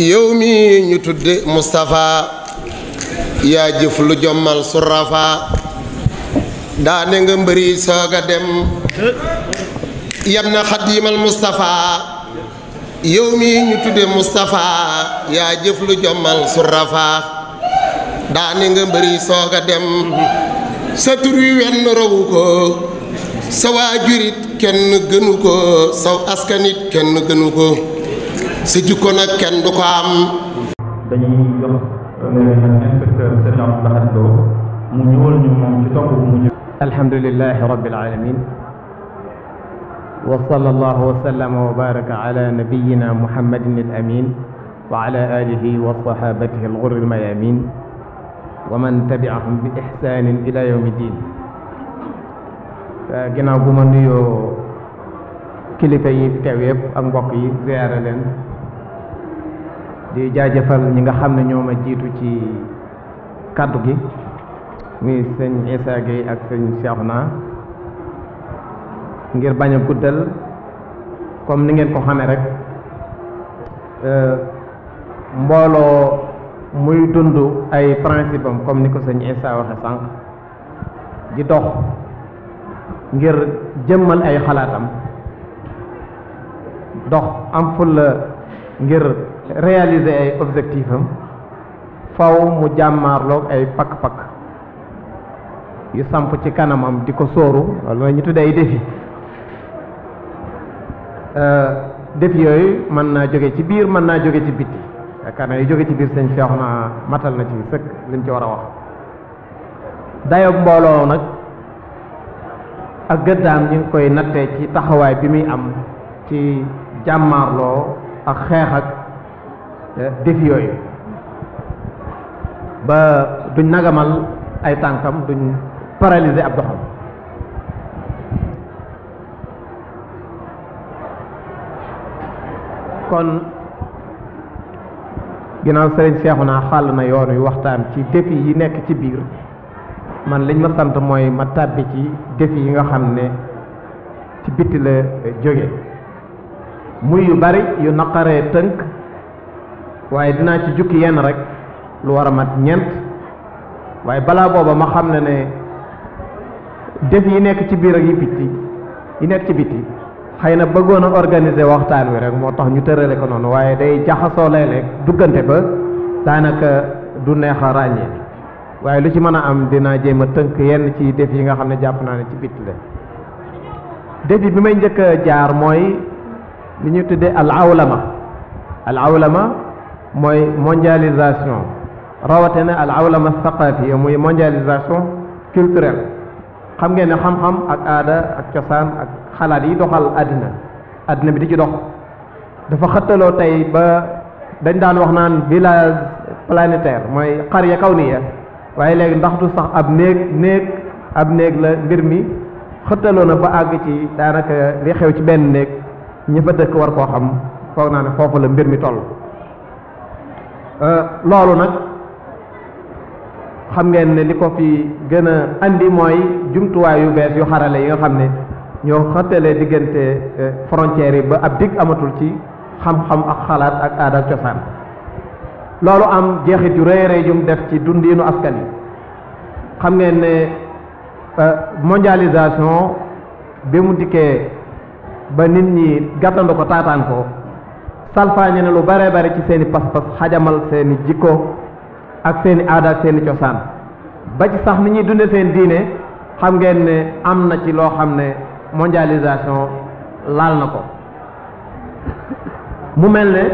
yow mi ñu tudd Moustapha yaa jëf lu jommal surafa daane nga yow mi tudde Moustapha yaa jëf jommal surafa daane nga mbëri soog a dem sa tur wi wenn rawu ko sa waajurit kenn gënu ko sa askanit kenn gënu ko sa jikko nag kenn du ko am. dañuy jox euh, inspecteur sëñ Abdou Lahad Lo mu ñëwal ñu moom ci tomb bu mujj. alhamdulilah rabbil alamin wa sallallahu wa sallama wa baraka ala nabiyyina muhammadin al amin wa ala alihi wa sahabatihi al ghurri al mayamin wa man tabi'ahum bi ihsanin ila yawmi din euh, ginnaaw bu ma nuyoo kilifa yi teew yëpp ak mbokk yi ziyaara leen di jëfal ñi nga xam ne ñoo ma jiitu ci kàddu gi muy sëñ Issa Gueye ak sëñ naa ngir bañ a guddal comme ni ngeen ko xamee rek euh, mbooloo muy dund ay principe comme ni ko sëñ Issa waxe sànq di dox ngir jëmmal ay xalaatam dox am fulla ngir réaliser ay objectif am faw mu jàmmaarloog ay pakk-pakk yu samp ci kanamam di ko sóoru wala mooy ñu tuddee ay défi euh, défi yooyu mën naa jóge ci biir mën naa jóge ci bitti yaakaar naa yu jóge ci biir sëñ feex na matal na ci sëkk liñ ci war a wax dayob mbooloo nag ak gëddaam ñu ngi koy nattee ci taxawaay bi muy am ci jàmmaarloo ak xeex ak eh, défi yooyu ba duñ nagamal ay tànkam duñ paralise ab doxam kon ginnaaw sëriñ seexu naa xàll na yoon wi waxtaan ci défi yi nekk ci biir man liñ ma sant mooy ma tàbbi ci defi yi nga xam ne ci bitti la jóge muy yu bari yu naqaree tënk waaye dinaa ci jukki yenn rek lu war a mat ñeent waaye balaa booba ma xam ne ne def yi nekk ci biir ak yi bitti yi nekk ci bitti xëy na bëggoon a organiser waxtaan wi rek moo tax ñu tërale ko noonu waaye day jaxasoo léeg-léeg duggante ba daanaka du neex a ràññee waaye lu ci mën a am dinaa jéem a tënk yenn ci def yi nga xam ne jàpp naa ne ci bitti la def yi bi may njëkk jaar mooy li ñu tuddee al awlama al awlama mooy mondialisation rawatina al awlama saqaafi muy mondialisation culturelle xam ngeen ne xam-xam ak aada ak cosaan ak xalaat yi doxal àddina àddina bi di ci dox dafa xëttaloo tey ba dañ daan wax naan village planétaire mooy xarya kawniya waaye léegi ndax du sax ab néeg néeg ab néeg la mbir mi xëttaloo na ba àgg ci daanaka li xew ci benn néeg ñi fa dëkk war koo xam foog naa ne foofu la mbir mi toll euh, loolu nag xam ngeen ne li ko fi gën a indi mooy jumtuwaay yu bees yu xarale yi nga xam ne ñoo xëttalee diggante euh, frontières yi ba ab digg amatul ci xam-xam ak xalaat ak aada cosaan loolu am jeexit yu rëy rëy jum def ci dundiinu askan yi xam ngeen ne euh, mondialisation bi mu dikkee ba nit ñi gàttandu ko taataan ko salfaañe ne lu bare bare ci seeni pas-pas xajamal seeni jikko ak seeni aada ak seeni cosaan ba ci sax ni ñuy dunde seen diine xam ngeen ne am na ci loo xam ne mondialisation laal na ko mu mel ne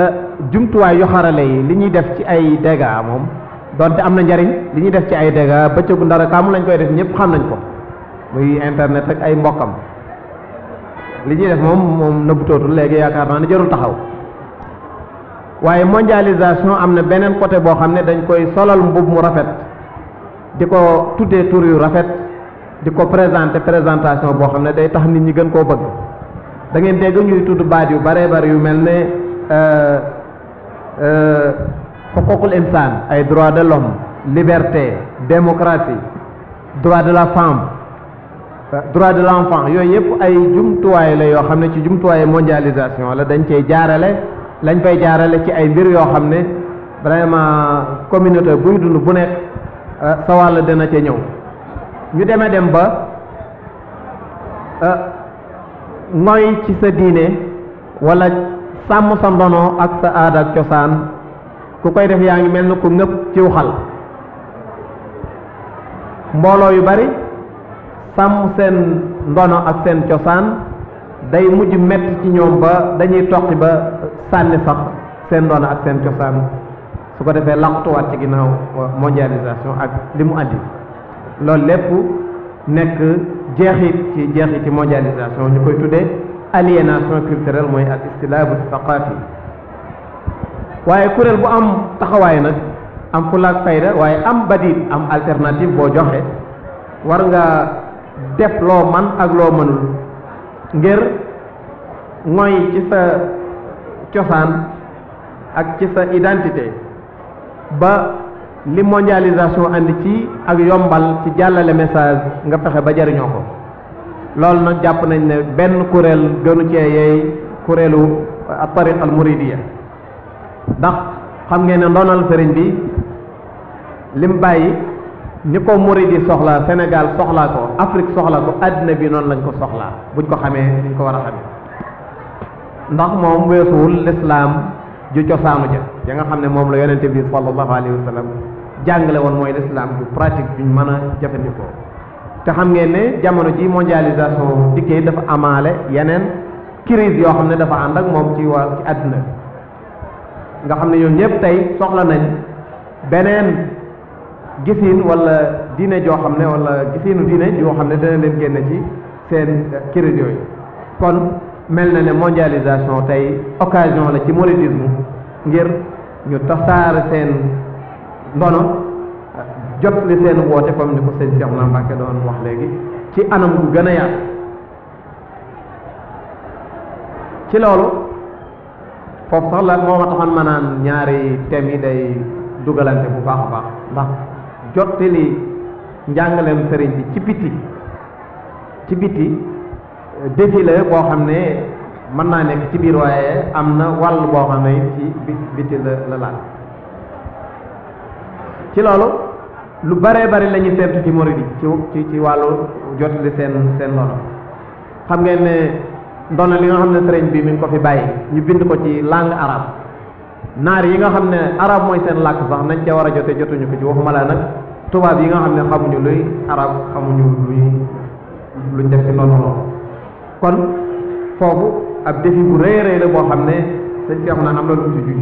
euh, jumtuwaay yu xarale yi li ñuy def ci ay dégâts moom donte am na njariñ li ñuy def ci ay dégâts bëccëgu ndara kaamu lañ koy def ñëpp xam nañ ko muy internet ak ay mbokkam li ñuy def moom moom nëbbutootul léegi yaakaar naa ne jarul taxaw waaye mondialisation am na beneen côté boo xam ne dañ koy solal mbub mu rafet di ko tuddee tur yu rafet di ko présenté présentation boo xam ne day tax nit ñi gën koo bëgg da ngeen dégg ñuy tudd baat yu baree bari yu mel ne xuququl euh, euh, insaan ay droit de l'homme liberté démocratie droit de la femme Euh, droit de l'enfant yooyu yëpp ay jumtuwaay la yoo xam ne ci jumtuwaayu mondialisation la dañ cey jaarale lañ koy jaarale ci ay mbir yoo xam ne vraiment communauté buy dund bu nekk euh, sa wàll dana ce ñëw ñu demee dem ba mooy euh, ci sa diine walla sàmm sa ndono ak sa aada ak cosaan ku koy def yaa ngi mel ni ku ngëpp ciw xal mbooloo yu bari sàmm seen ndono ak seen cosaan day mujj metti ci ñoom ba dañuy toqi ba sànni sax seen ndono ak seen cosaan su ko defee laqtuwaat ci ginnaaw mondialisation ak li mu andi loolu lépp nekk jeexit ci jeexit ci mondialisation ñu koy tuddee aliénation culturelle mooy al istilaabu thaqaafi waaye kuréel bu am taxawaay nag am fulaak fayda waaye am badit am alternative boo joxe war nga def loo man ak loo mënul ngir ngoy ci sa cosaan ak ci sa identité ba li mondialisation andi ci ak yombal ci jàllale message nga fexe ba jariñoo ko loolu nag jàpp nañ ne benn kuréel gënu cee yeey kuréelu at-tariqa al-muridiyya ndax xam ngeen ne ndoonal sëriñ bi lim bàyyi ni ko murid soxlaa Sénégal soxlaa ko Afrique soxlaa ko àddina bi noonu lañ ko soxlaa buñ ko xamee niñ ko war a xamee ndax moom weesuwul lislaam ju cosaanu ja ya nga xam ne moom la yonente bi sallallahu alayhi wa sallam jàngale woon mooy lislaam ju pratique juñ mën a jëfandikoo te xam ngeen ne jamono ji mondialisation dikkee dafa amaale yeneen crise yoo xam ne dafa ànd ak moom ci waa ci àddina nga xam ne ñoom ñëpp tey soxla nañ beneen gisin wala diine joo xam ne wala gisinu diine joo xam ne dana leen génn ci seen eh, crise yooyu kon mel na ne mondialisation tey occasion la ci mouridisme ngir ñu tasaare seen ndono eh, jot li seen woote comme ni ko sëñ Cheikh na Mbàkke doon wax léegi ci anam gu gën a yaatu ci loolu foofu sax la moo ma taxoon ma naan ñaari thèmes yi day dugalante bu baax baax ndax jottali njàngaleem sëriñ bi ci biti ci biti eh, défilé boo xam ne mën naa nekk ci biir waaye am na wàll boo xam ne ci biti la laal ci loolu lu baree bari la ñu seetlu ci murid ci wàll wàllu seen seen loolu xam ngeen ne ndono li nga xam ne sëriñ bi mi ngi ko fi bàyyi ñu bind ko ci làng arab naar yi nga xam ne arab mooy seen làkk sax nañ ca war a jote jotuñu ko ci waxuma la nag tubaab yi nga xam ne xamuñu luy arab xamuñu luy luñ def ci noonu kon foofu ab defi bu rëy rëy la boo xam ne sëñ Cheikh na am na lu ci juñ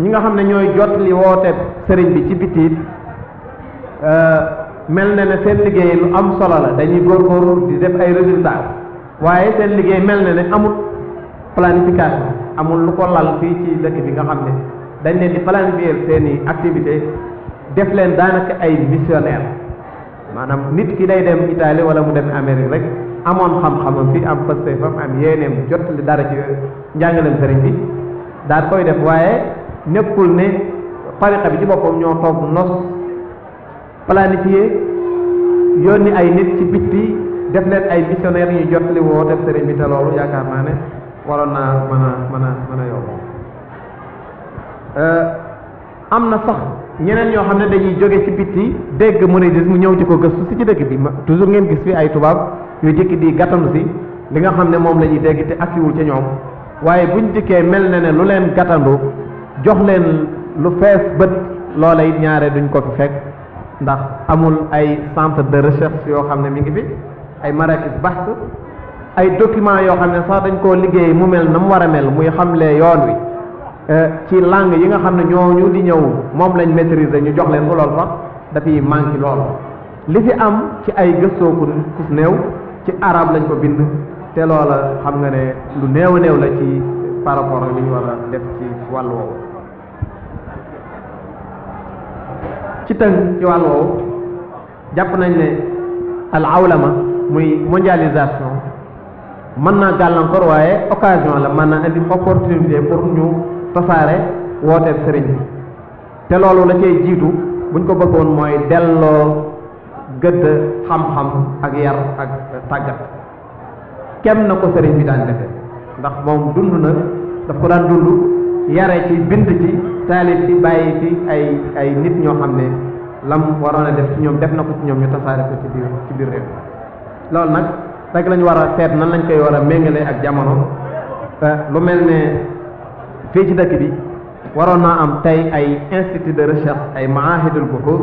ñi nga xam ne ñooy jot li woote sëriñ bi ci bitiit eh, mel na ne seen liggéey lu am solo la dañuy góorgóorlu di def ay résultats waaye seen liggéey mel na ne amut planification amul lu ko lal fii ci dëkk bi nga xam ne dañ leen di planifier seeni activité def leen daanaka ay missionnaire maanaam nit ki day dem Italie wala mu dem Amérique rek amoon xam-xamam fi am pëste fam am yéeneem jot li dara ci njàngaleem sëriñ bi daal koy def waaye nekkul ne tariqa bi ci boppam ñoo toog nos yoon yónni ay nit ci bitti def leen ay missionnaire ñu jot li woote sëriñ bi te loolu yaakaar naa ne waloon naa mën a mën a mën a yomb euh, am na sax ñeneen yoo xam ne dañuy jóge ci bitti dégg monétisme mu ñëw di ko gëstu si ci dëkk bi toujours ngeen gis fi ay tubaab yu jëkki di gàttandu si li nga xam ne moom la ñuy dégg te agsiwul ca ñoom waaye buñ dikkee mel na ne lu leen gàttandu jox leen lu fees bët loola it ñaaree duñ ko fi fekk ndax amul ay centre de recherche yoo xam ne mi ngi fi ay marakis baxs ay documents yoo xam ne sax dañ koo liggéey mu mel na mu war a mel muy xam lee yoon wi eh, ci langue yi nga xam ne ñooñu di ñëw moom lañ maîtriser ñu jox leen ko lool dafay manqué lool li fi am ci ay gëstoo ku kus néew ci arab lañ ko bind te loola xam nga ne lu néew a néew la ci par rapport li ñu war a def ci wàll woowu ci tënk ci wàll woowu jàpp nañ ne al awlama muy mondialisation mën naa gàllankoor waaye occasion la mën naa indi opportunité pour ñu tasaare wooteeb sëriñ bi te loolu la cay jiitu buñ ko bëggoon mooy delloo gëdd xam-xam ak yar ak tàggat kenn na ko sëriñ bi daan defe ndax moom dund na daf ko daan dund yare ci bind ci taalif ci bàyyi ci ay ay nit ñoo xam ne lam waroon a def ci ñoom def na ko ci ñoom ñu tasaare ko ci biir ci biir réew loolu nag rek lañ war a seet nan lañ koy war a méngale ak jamono te lu mel ne fii ci dëkk bi waroon naa am tey ay institut de recherche ay maahidul buhur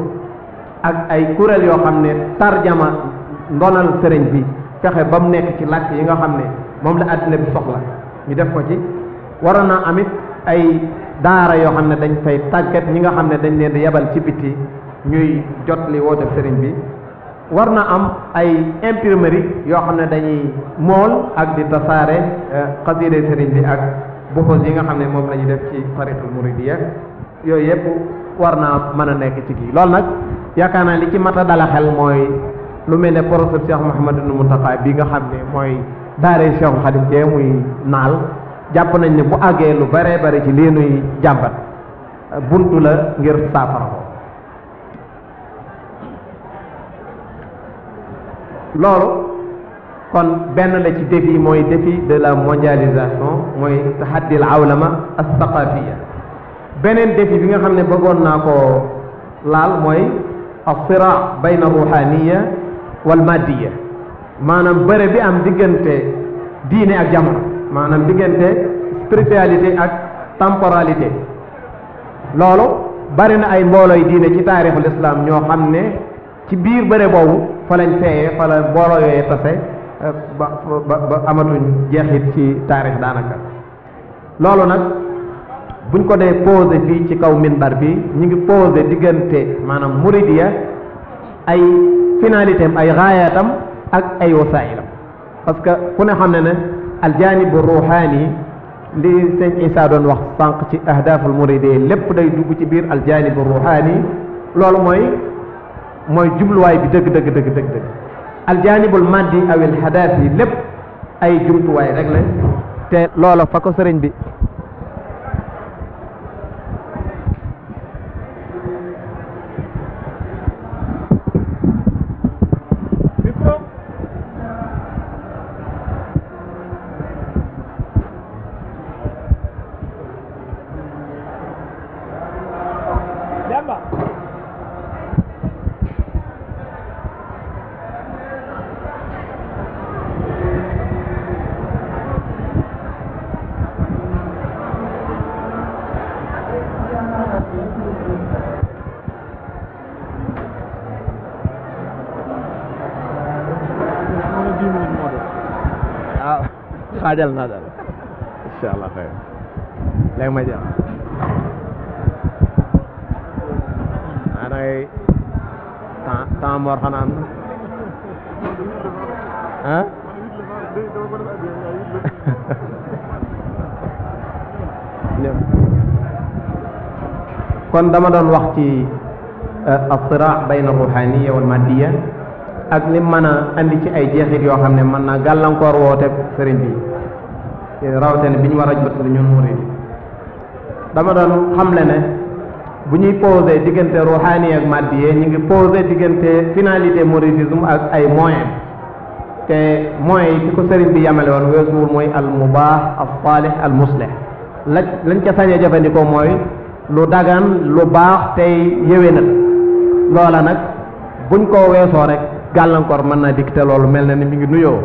ak ay kuréel yoo xam ne tarjama ndonal sëriñ bi fexe ba mu nekk ci làkk yi nga xam ne moom la àddina bi soxla ñu def ko ci waroon naa amit ay daara yoo xam ne dañ fay tàggat ñi nga xam ne dañ leen di yebal ci biti ñuy jot li woote sëriñ bi war na am ay imprimerie yoo xam ne dañuy mool ak di tasaare eh, xasiide sëriñ bi ak buxus yi nga xam ne moom la ñuy def ci tariqul muridiya yooyu yëpp war naa mën a nekk ci kii loolu nag yaakaar naa li ci mat a dala xel mooy lu mel ne professeur Cheikh Mouhamadou Mountakha bi nga xam ne mooy daare Cheikh de jee muy naal jàpp nañ ne bu àggee lu baree bari ci lii nuy jàmbat eh, buntu la ngir saafara loolu kon benn la ci défi mooy défi de la mondialisation mooy tahaddil awlama alsaqafiya beneen défi bi nga xam ne bëggoon naa ko laal mooy alsiraa bayna ruhaniya wal maddiya maanaam bëre bi am diggante diine ak jamono maanaam diggante spiritualité ak temporalité loolu bari na ay mboolooy diine ci taarixul islam ñoo xam ne ci biir bëre boobu fa lañ feeyee fa la booloo tase ba ba amatuñ jeexit ci taarix daanaka loolu nag buñ ko dee posé fii ci kaw minbar bi ñu ngi posé diggante maanaam muridiya ay finalité am ay raayatam ak ay wasailam parce que ku ne xam ne ne aljanibu ruuxaani li sëñ Isaa doon wax sànq ci ahdaaful muridiya lépp day dugg ci biir aljanibu ruuxaani loolu mooy mooy jubluwaay bi dëgg dëgg dëgg dëgg dëgg aljaanibul maddi awil hadaaf yi lépp ay jumtuwaay rek la te loola fa ko sëriñ bi xaajal naa daal incha allah xëy ma jeex ah da ngay mor xanaa am ah kon dama doon wax ci as-siraa bayna ruhaniya wal maddiya ak li mën a andi ci ay jeexit yoo xam ne mën naa gàllankoor woote sëriñ bi rawatina bi ñu war a jot li ñun murid dama doon xamle ne bu ñuy posé diggante ruhani ak maddiye ñu ngi posé diggante finalité mouridisme ak ay moyens te moyens yi ci ko sëriñ bi yamale woon weesuwul mooy al mubaax al saalih al la lañ ca sañee jëfandikoo mooy lu dagan lu baax tey yéwénal loola nag buñ ko weesoo rek gàllankoor mën naa dikk te loolu mel na ni mi ngi nuyoo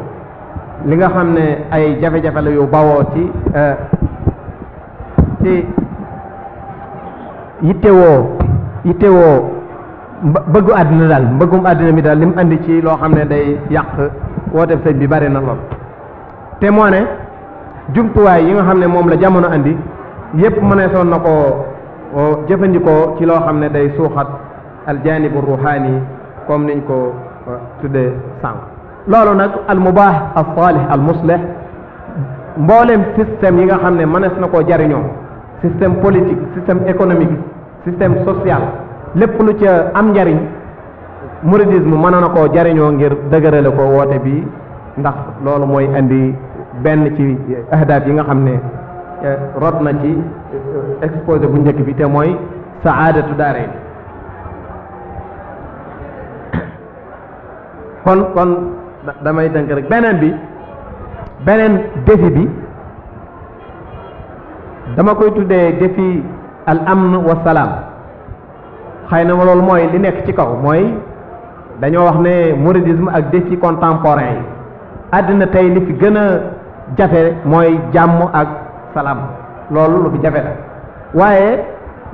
li nga xam ne ay jafe-jafe la yu bawoo ci euh, ci yittewoo yittewoo bëggu àddina daal mbëggum àddina mi daal lim indi ci loo xam ne day yàq woote sëñ bi bari na lool te moo ne jumtuwaay yi nga xam ne moom la jamono indi yépp mëneesoon na ko jëfandikoo ci loo xam ne day suuxat aljaanibu ruhaani comme niñ ko euh, tuddee sànq loolu nag al mubaax al saalih al muslih mboolem système yi nga xam ne mënees na koo jariñoo système politique système économique système social lépp lu ca am njariñ mouridisme mën na koo jariñoo ngir dëgërale ko woote bi ndax loolu mooy indi benn ci ahdaaf yi nga xam ne eh, rot na ci eh, exposé bu njëkk bi te mooy saadatu daare kon kon damay dënk rek beneen bi beneen défi bi dama koy tuddee défi al amn wa salaam xëy na ma loolu mooy li nekk ci kaw mooy dañoo wax ne mouridisme ak défi contemporain yi àddina tey li fi gën a jafe mooy jàmm ak salaam loolu lu fi jafe la waaye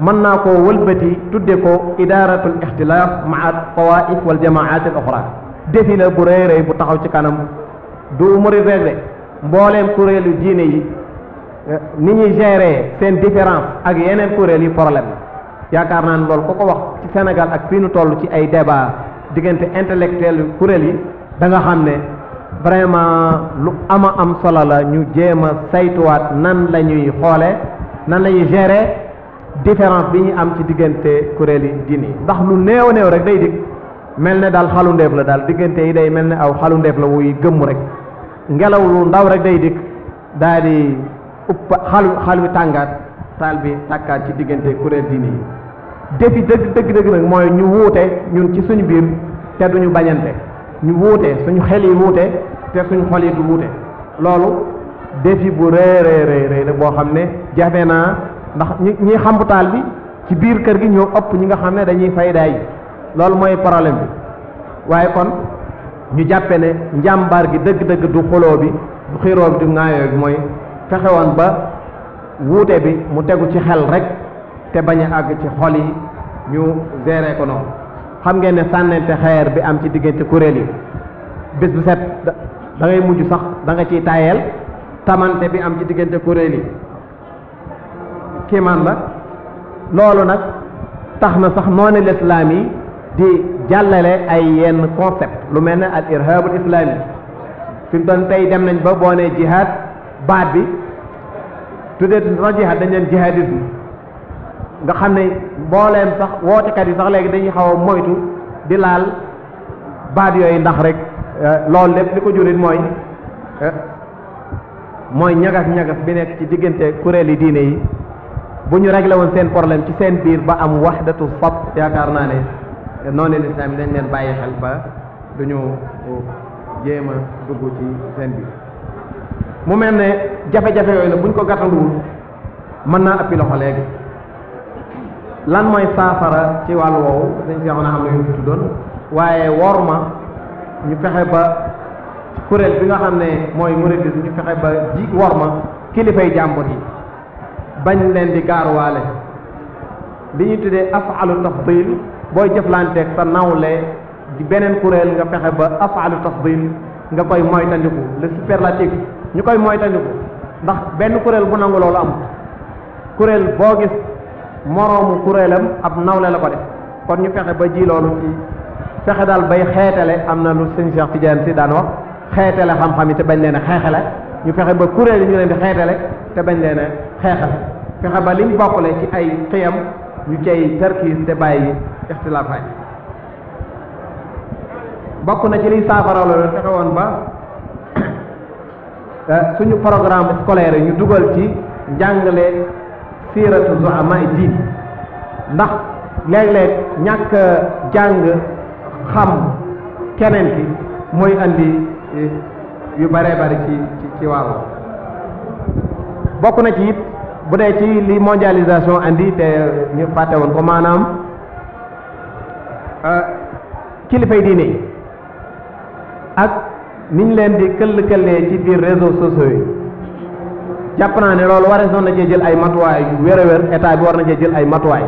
mën naa ko wëlbati tudde ko idaaratul ixtilaaf maa al tawaif wal jamaat al oxra défilé bu rëy rëy bu taxaw ci kanam du murid rek mbooleem kuréelu diine yi eh, ni ñuy gérer seen différence ak yeneen kuréel yi problème yaakaar naa ne loolu ku ko wax ci Sénégal ak fii nu toll ci ay débat diggante intellectuel kuréel yi da nga xam ne vraiment lu ama am solo la ñu jéem a saytuwaat nan la ñuy xoole nan lañuy ñuy gérer différence bi ñuy am ci diggante kuréel yi diine yi ndax lu néew néew rek day dig mel ne daal xalu ndeef la daal diggante yi day mel ni aw xalu ndeef la wuy gëmm rek ngelaw lu ndaw rek day dikk daal di upp xalu xal wi tàngaat taal bi tàkkaat ci diggante kuréel diine yi defi dëgg dëgg dëgg nag mooy ñu wuute ñun ci suñu biir te du duñu bañante ñu wuute suñu xel yi wuute te suñu xol yi du wuute loolu defi bu rëy rëy rëy la boo xam ne jafe naa ndax ñi ñi xambu taal bi ci biir kër gi ñoo ëpp ñi nga xam ne dañuy fay daay loolu mooy problème bi waaye kon ñu jàppe ne njàmbaar gi dëgg-dëgg du xuloo bi du xiroo bi du ŋaayoo bi mooy fexe ba wuute bi mu tegu ci xel rekk te bañ a àgg ci xol yi ñu géré ko noonu xam ngeen ne sànnente xeer bi am ci diggante kuréel yi bés bu set da ngay mujj sax danga nga ciy tayeel tamante bi am ci diggante kuréel yi kiimaan la loolu nag tax na sax noonu lislaam yi di jàllale ay yenn concept lu mel ne al irhabul islami fi mu doon tey dem nañ ba boo nee baat bi tuddee sax jihad dañ leen jihadisme nga xam ne mbooleem sax wootekat yi sax léegi dañuy xaw a moytu di laal baat yooyu ndax rek eh, loolu lépp li ko jurit mooy eh, mooy ñagas-ñagas bi nekk ci diggante kuréel yi diine yi bu ñu réglé woon seen problème ci seen biir ba am wahdatu saf yaakaar naa ne te noonu leen yi dañ leen bàyyi xel ba du ñu jéem a dugg ci seen bi mu mel ne jafe-jafe yooyu nag buñ ko gàttanduwul mën naa appi loxo léegi lan mooy saafara ci wàllu woowu dañ si xamna xam ne ñu waaye woor ma ñu fexe ba kuréel bi nga xam ne mooy muridis ñu fexe ba ji woor ma kilifay jàmbur yi bañ leen di gaaruwaale li ñu tuddee afalu tafdil booy jëflanteeg sa nawle di beneen kuréel nga fexe ba afalu tafdil nga koy moytandiku le superlatif ñu koy moytandiku ndax benn kuréel bu nangu loolu am kuréel boo gis moroomu kuréelam ab nawle la ko def kon ñu fexe ba ji loolu ci fexe daal bay xeetale am na lu sëñ Cheikh Tidiane si daan wax xeetale xam-xam yi te bañ leen a xeexale ñu fexe ba kuréel yi ñu leen di xeetale te bañ leen a xeexale fexe ba liñ le ci ay xiyam ñu cay tarkiis te bàyyi ixtilaafaat yi bokk na ci liy saafara loolu fexe ba eh, suñu programme scolaire ñu dugal ci njàngale siiratu zuama diin ndax léeg-léeg ñàkk jàng xam keneen ki mooy andi eh, yu bare bari ci ci ci waaw bokk na ci it bu dee ci li mondialisation andi te ñu fàtte woon ko maanaam euh, kilifay diine yi ak niñ leen di këll-këllee ci biir réseaux sociaux yi jàpp naa ne loolu war na cee jël ay matuwaay yu wér a wér bi war na cee jël ay matuwaay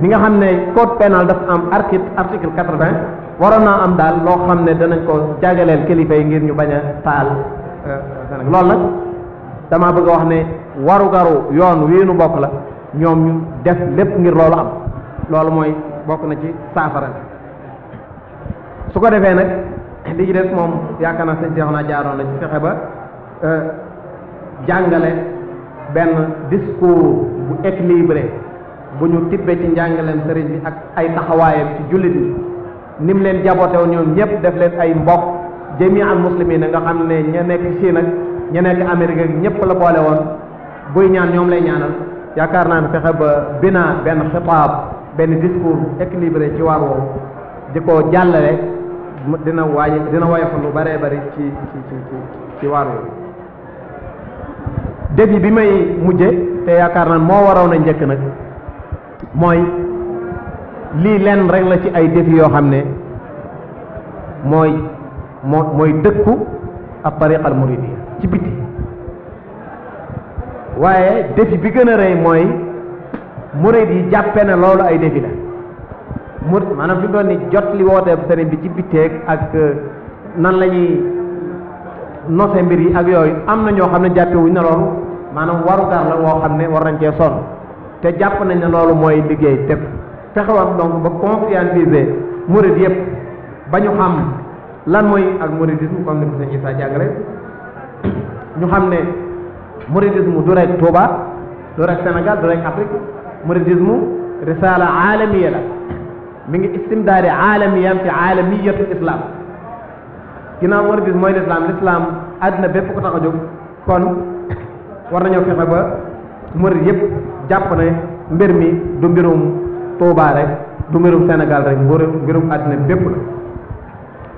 bi nga xam ne code pénal dafa am article article quatre-vingt waroon naa am daal loo xam ne danañ ko jagaleel kilifa yi ngir ñu bañ a taal euh, loolu nag damaa bëgg a wax ne warugaru yoon wii nu bokk la ñoom ñu def lépp ngir loolu am loolu mooy bokk na ci saafara su ko defee nag li ci des moom yaakaar naa sëñ Cheikh na jaaroon na ci fexe ba euh, jàngale benn discours bu équilibré bu ñu tibbee ci njàngaleen sëriñ bi ak ay taxawaayam ci jullit yi ni mu leen jaboote woon ñoom ñëpp def leen ay mbokk jami al muslimin nga xam ne ña nekk Chine ak ña nekk Amérique ak ñëpp la boole woon buy ñaan ñoom lay ñaanal yaakaar naa ne fexe ba bina benn xitaab benn discours équilibré ci waar woowu di ko jàllale dina waaye dina woyofal lu bëree bëri ci ci ci ci waar yooyu début bi may mujje te yaakaar naa moo waroon a njëkk nag mooy lii lenn rek la ci ay défi yoo xam ne mooy moo mooy dëkku ab tariqal muridi ci biti waaye défi bi gën a rëy mooy murid yi jàppe na loolu ay défi la mu maanaam fi doon ni jot li wooteeb sëriñ bi ci bitteeg ak euh, nan la ñuy mbir yi ak yooyu am na ñoo xam ne jàppewuñ na loolu maanaam waru gar la woo xam ne war nañ cee sonn te jàpp nañ ne loolu mooy liggéey te fexewoon donc ba conscientiser murid yëpp ba ñu xam lan mooy ak mouridisme comme ni ko sëñ Issa jàngale ñu xam ne mouridisme du rek Touba du rek Sénégal du rek Afrique mouridisme risala alamiya la mi ngi istimdaari alamiyam ci alamiyatu islam ginnaaw mouridisme mooy l'islam l'islam àddina bépp ko tax jóg kon war nañoo fexe ba murid yëpp jàpp ne mbir mi du mbirum Touba rek du mbirum Sénégal rek mbirum àddina bépp la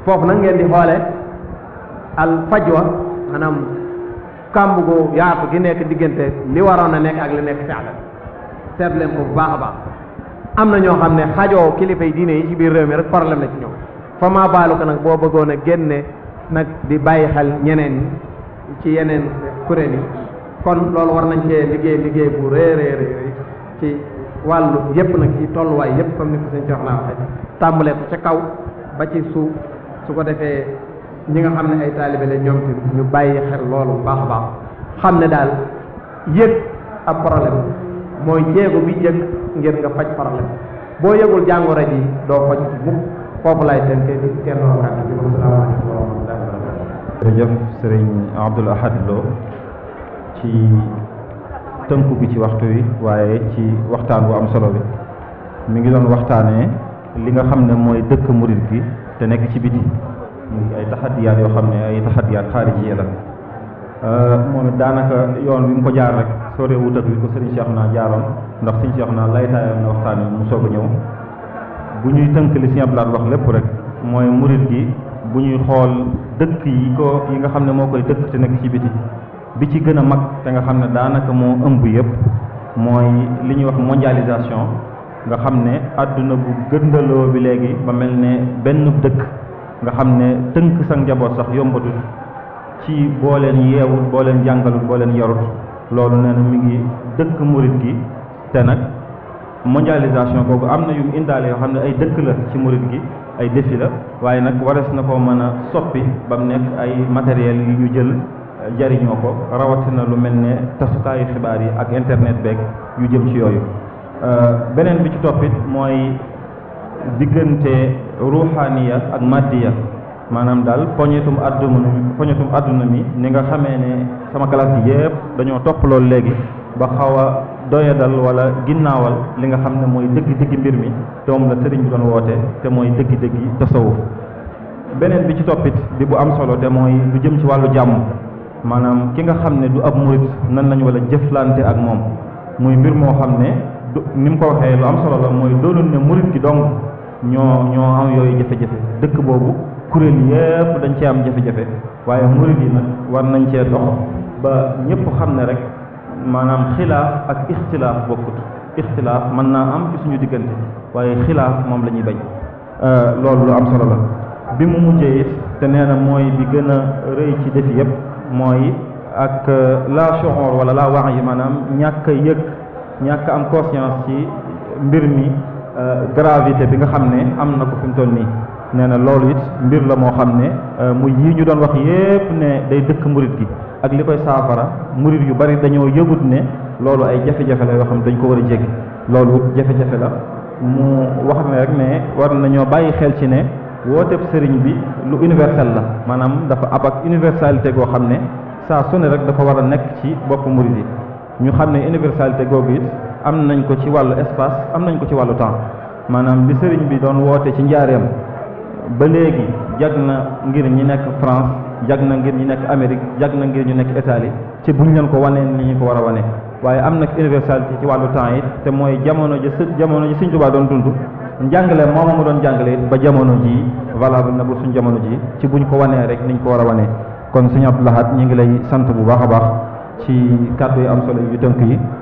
foofu nag ngeen xoole al fajwa kàmb gu yaatu gi nekk diggante li waroon a nekk ak li nekk fexla seet leen ko bu baax baax am na ñoo xam ne xajoo kilifa yi diine yi ci biir réew mi rek problème na ci ñoom fa maa ko nag boo bëggoon a génne nag di bàyyi xel ñeneen ci yeneen kuréel yi kon loolu war nañ cee liggéey liggéey bu rëy rëy rëy ci wàllu yépp nag ci tolluwaay yépp comme ni ko sëñ ci wax naa waxee tàmbalee ko ca kaw ba ci suuf su ko defee ñi nga xam ne ay taalibe la ñoom tamit ñu bàyyi xel loolu bu baax baax xam ne daal yëg ab problème mooy jéego bi jëkk ngir nga faj problème boo yëgul jàngoro yi doo faj mukk foofu laay tënkee di bi asalaamaaleykum wa rahmatullahi wa barakatuh jërëjëf ci tënku bi ci waxtu wi waaye ci waxtaan bu am solo bi mu ngi doon waxtaanee li nga xam ne mooy dëkk murit bi te nekk ci biti muy ay taxadiyaat yoo xam ne ay taxadiyaat xaariji la euh, moom it daanaka yoon wi mu ko jaar rek sore wut ak wi ko sëriñ Cheikh naa jaaroon ndax sëriñ si naa laytaayoon na waxtaan wi mu soog a ñëw bu ñuy tënk li sëriñ Abdoulaye wax lépp rek mooy murit gi bu ñuy xool dëkk yi ko yi nga xam ne moo koy dëkk te nekk ci biti bi ci gën a mag te nga xam ne daanaka moo ëmb yëpp mooy li ñuy wax mondialisation nga xam ne àdduna bu gëndaloo bi léegi ba mel ne benn dëkk nga xam ne tënk sa njaboot sax yombatut ci boo leen yeewut boo leen jàngalut boo leen yarut loolu nee na mi ngi dëkk murit gi te nag mondialisation boobu am na yum indaale yoo xam ne ay dëkk la ci murit gi ay défi la waaye nag warees na koo mën a soppi bam mu nekk ay matériel yu ñu jël eh, jariñoo ko rawatina lu mel ne tasukaayu xibaar yi ak internet beeg yu jëm ci yooyu eh, beneen bi ci toppit mooy diggante ruuxaaniya ak maddiya maanaam daal poñetum àdduna poñetum àdduna mi ni nga xamee ne sama classe bi yëpp dañoo topp loolu léegi ba xaw a doyadal wala ginnaawal li nga xam ne mooy dëgg-dëgg mbir mi te moom la sëriñ bi doon woote te mooy dëgg-dëgg tasawuf beneen bi ci toppit bi bu am solo te mooy lu jëm ci wàllu jàmm maanaam ki nga xam ne du ab murit nan lañu wala jëflante ak moom muy mbir moo xam ne ni mu ko waxee lu am solo la mooy doonul ne murit gi dong ñoo ñoo am yooyu jafe-jafe dëkk boobu kuréel yépp dañ cee am jafe-jafe waaye murid yi war nañ cee dox ba ñépp xam ne rek maanaam xilaaf ak ixtilaaf bokkut ixtilaaf mën naa am ci suñu diggante waaye xilaaf moom la ñuy bañ euh, loolu lu am solo la bi mu mujjee it te nee na mooy bi gën a rëy ci def yépp mooy ak euh, la shuur wala la wax yi maanaam ñàkk a ñàkk am conscience ci mbir mi Euh, gravité bi nga xam ne am na ko fi mu toll nii nee na loolu it mbir la moo xam ne euh, mu yii ñu doon wax yépp ne day dëkk murit gi ak li koy saafara murit yu bari dañoo yëgut ne loolu ay jafe-jafe la yoo xam ne dañ ko war a jéggi loolu jafe la mu wax ne rek ne war nañoo bàyyi xel ci ne wooteeb sëriñ bi lu universel la maanaam dafa ab ak universalité goo xam ne saa sone rek dafa war a nekk ci bopp murit yi ñu xam ne universalité googu it am nañ ko ci wàllu espace am nañ ko ci wàllu temps maanaam bi sëriñ bi doon woote ci njaareem ba léegi jag na ngir ñi nekk France jag na ngir ñi nekk Amérique jag na ngir ñu nekk Italie ci buñ leen ko wanee li ñu ko war a wane waaye am na universalité ci wàllu temps yi te mooy jamono ji së jamono ji Sëriñ Tuubaa doon dund njàngale moom mu doon jàngale it ba jamono jii valable na bu suñ jamono ji ci bu ñu ko wanee rek ni niñ ko war a wanee kon Sëriñ Abdou Lahad ñu ngi lay sant bu baax a baax ci kàddu yu am solo yu tënk yi